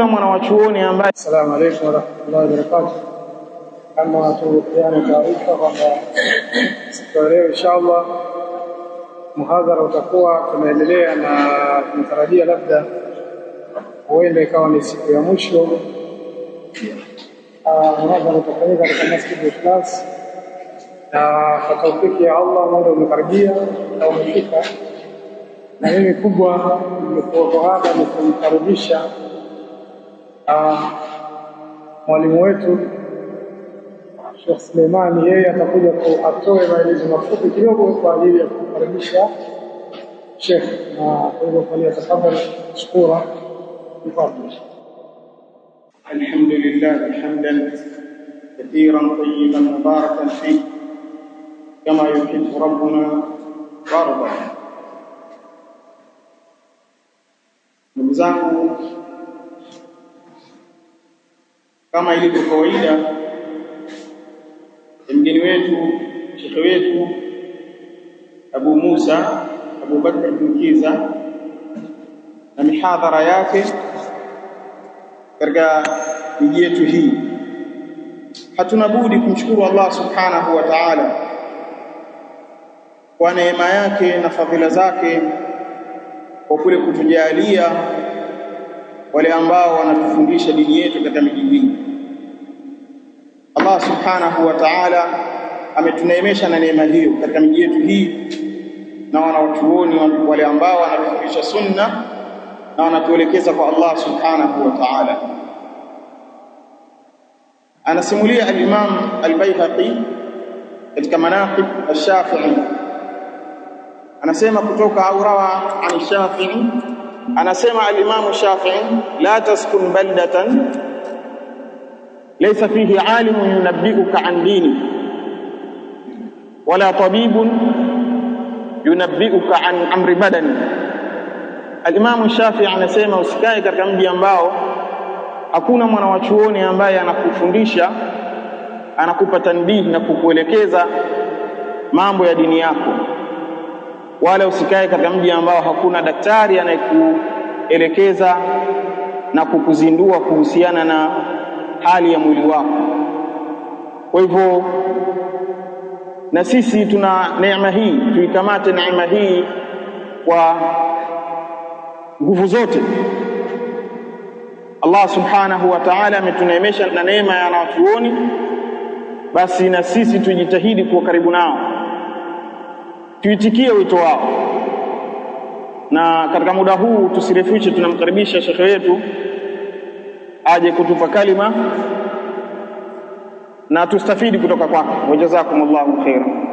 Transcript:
Kuna chuoni ambaye Asalamu alaykum warahmatullahi barakatuh, Kama tulipeana taarifa kwamba siku ya leo inshallah muhadhara utakuwa tunaendelea, na tunatarajia labda huenda ikawa ni siku ya mwisho ah, muhadhara utafanyika katika Masjid Ikhlas, na kwa taufiki ya Allah muda umekaribia na umefika, na mimi kubwa hapa ni kumkaribisha mwalimu wetu Sheikh Suleiman yeye atakuja atoe maelezo mafupi kidogo kwa ajili ya kukaribisha Sheikh, na kwa hivyo falyatafadhal shukura bifadli. الحمد لله حمدا كثيرا طيبا مباركا فيه كما يحب ربنا Ndugu نبزاكم Kama ilivyo kawaida mgeni wetu shekhe wetu Abu Musa Abu Bakr bin Kiza na mihadhara yake katika miji yetu hii, hatuna budi kumshukuru Allah subhanahu wa ta'ala kwa neema yake na fadhila zake kwa kule kutujalia wale ambao wanatufundisha dini yetu katika miji mingi. Allah subhanahu wa ta'ala ametuneemesha na neema hiyo katika miji yetu hii, na wanawachuoni wale ambao wanatufundisha sunna na wanatuelekeza kwa Allah subhanahu wa ta'ala. Anasimulia al-Imam al-Baihaqi katika Manaqib al-Shafi'i, anasema kutoka aurawa an Shafi'i Anasema alimamu Shafii, la taskun baldatan laysa fihi alimun yunabbiuka an dini wala tabibun yunabbiuka an amri badani. Alimamu Shafii anasema usikae katika mji ambao hakuna mwana chuoni ambaye anakufundisha anakupa tanbihi na kukuelekeza mambo ya dini yako wala usikae katika mji ambao hakuna daktari anayekuelekeza na kukuzindua kuhusiana na hali ya mwili wako. Kwa hivyo, na sisi tuna neema hii, tuikamate neema hii kwa nguvu zote. Allah subhanahu wa ta'ala ametuneemesha na neema ya wanawachuoni, basi na sisi tujitahidi kuwa karibu nao tuitikie wito wao, na katika muda huu tusirefushe, tunamkaribisha shekhe wetu aje kutupa kalima na tustafidi kutoka kwake. Wajazakumullahu khairan.